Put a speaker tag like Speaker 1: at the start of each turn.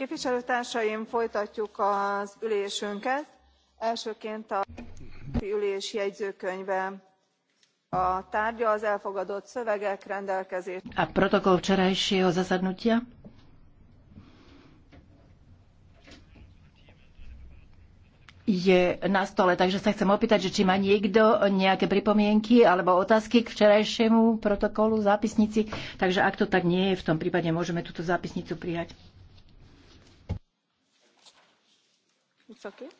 Speaker 1: képviselőtársaim folytatjuk az ülésünket elsőként a ülés jegyzőkönyve a tárgya az elfogadott szövegek rendelkezés. a
Speaker 2: protokoll včerajšieho zasadnutia je na stole, takže sa chcem opýtať, že či má niekto nejaké pripomienky alebo otázky k včerajšiemu protokolu zápisnici. Takže
Speaker 3: ak to tak nie je, v tom prípade môžeme túto zápisnicu prijať.
Speaker 4: it's okay.